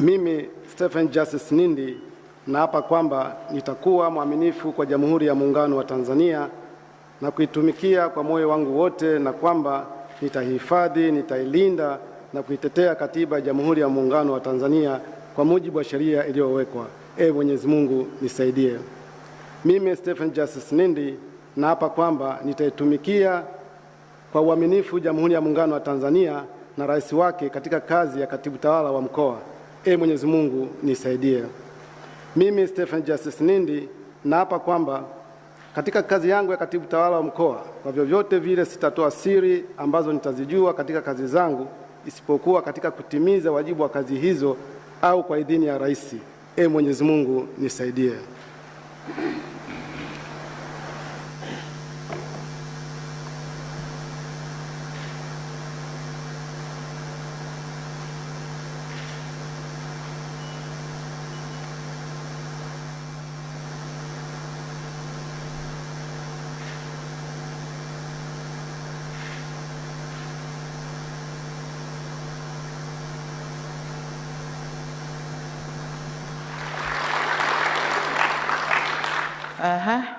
Mimi Stephen Justice Nindi naapa kwamba nitakuwa mwaminifu kwa Jamhuri ya Muungano wa Tanzania na kuitumikia kwa moyo wangu wote, na kwamba nitahifadhi, nitailinda na kuitetea Katiba ya Jamhuri ya Muungano wa Tanzania kwa mujibu wa sheria iliyowekwa. Ee Mwenyezi Mungu nisaidie. Mimi Stephen Justice Nindi naapa kwamba nitaitumikia kwa uaminifu Jamhuri ya Muungano wa Tanzania na rais wake katika kazi ya katibu tawala wa mkoa E Mwenyezi Mungu nisaidie. Mimi Stephen Justice Nindi naapa kwamba katika kazi yangu ya katibu tawala wa mkoa, kwa vyovyote vile sitatoa siri ambazo nitazijua katika kazi zangu, isipokuwa katika kutimiza wajibu wa kazi hizo au kwa idhini ya rais. E Mwenyezi Mungu nisaidie. Aha.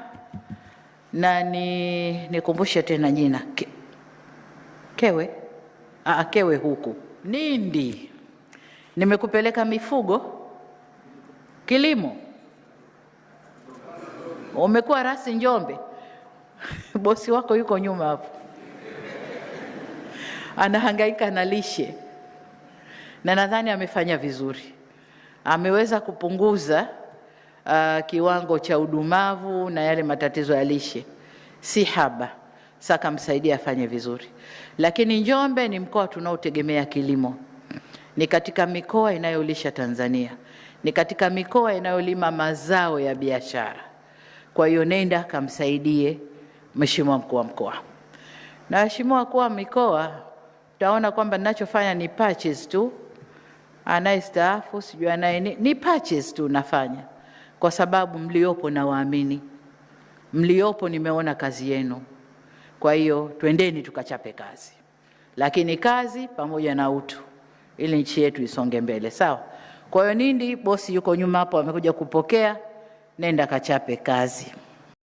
Na ni nikumbushe tena jina Ke, kewe Aa, kewe huku Nindi, nimekupeleka mifugo, kilimo, umekuwa rasi Njombe. Bosi wako yuko nyuma hapo, anahangaika na lishe, na nadhani amefanya vizuri, ameweza kupunguza uh, kiwango cha udumavu na yale matatizo ya lishe, si haba saka msaidia afanye vizuri. Lakini Njombe ni mkoa tunaotegemea kilimo, ni katika mikoa inayolisha Tanzania, ni katika mikoa inayolima mazao ya biashara. Kwa hiyo nenda kamsaidie Mheshimiwa mkuu wa mkoa na Mheshimiwa mkuu wa mikoa, utaona kwamba ninachofanya ni patches tu, anayestaafu sijui anaye ni patches tu nafanya kwa sababu mliopo na waamini, mliopo nimeona kazi yenu. Kwa hiyo twendeni tukachape kazi, lakini kazi pamoja na utu, ili nchi yetu isonge mbele, sawa? Kwa hiyo Nindi bosi yuko nyuma hapo, amekuja kupokea, nenda kachape kazi.